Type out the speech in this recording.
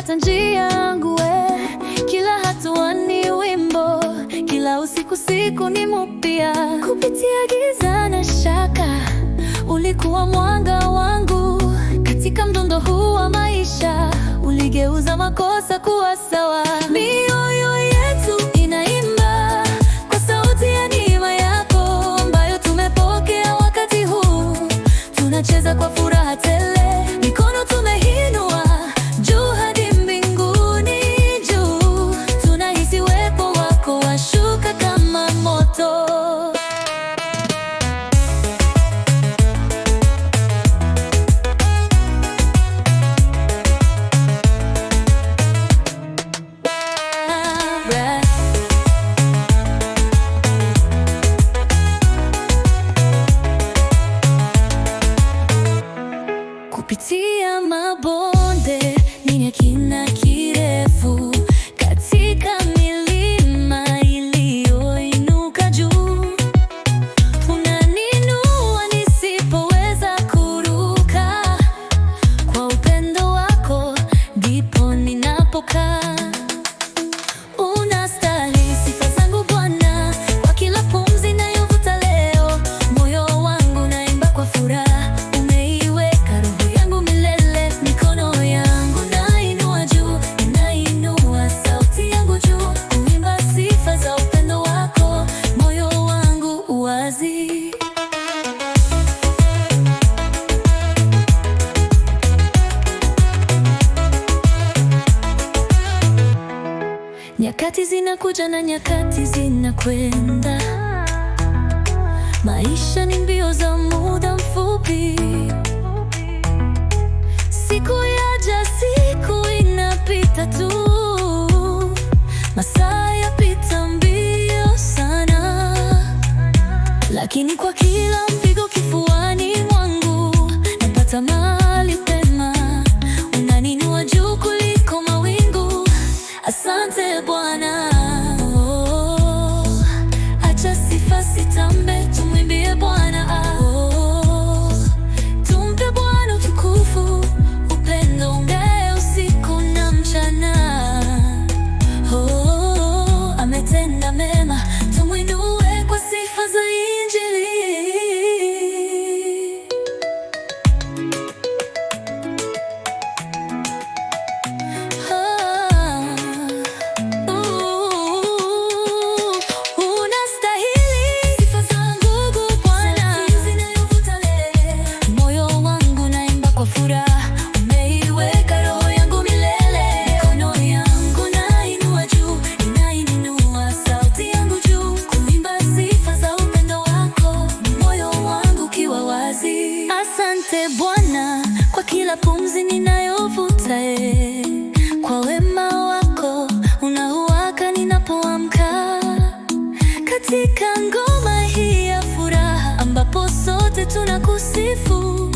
kupata njia yangu, kila hatua ni wimbo, kila usiku siku ni mpya. Kupitia giza na shaka, ulikuwa mwanga wangu. Katika mdundo huu wa maisha, uligeuza makosa kuwa sawa. Kupitia mabonde nina kina kirefu Nyakati zinakuja na nyakati zinakwenda, maisha ni mbio za muda mfupi. Siku yaja, siku inapita tu, masaa yapita mbio sana, lakini kwa Asante Bwana kwa kila pumzi ninayovuta, e, eh. kwa wema wako unaowaka ninapoamka. Katika ngoma hii ya furaha ambapo sote tunakusifu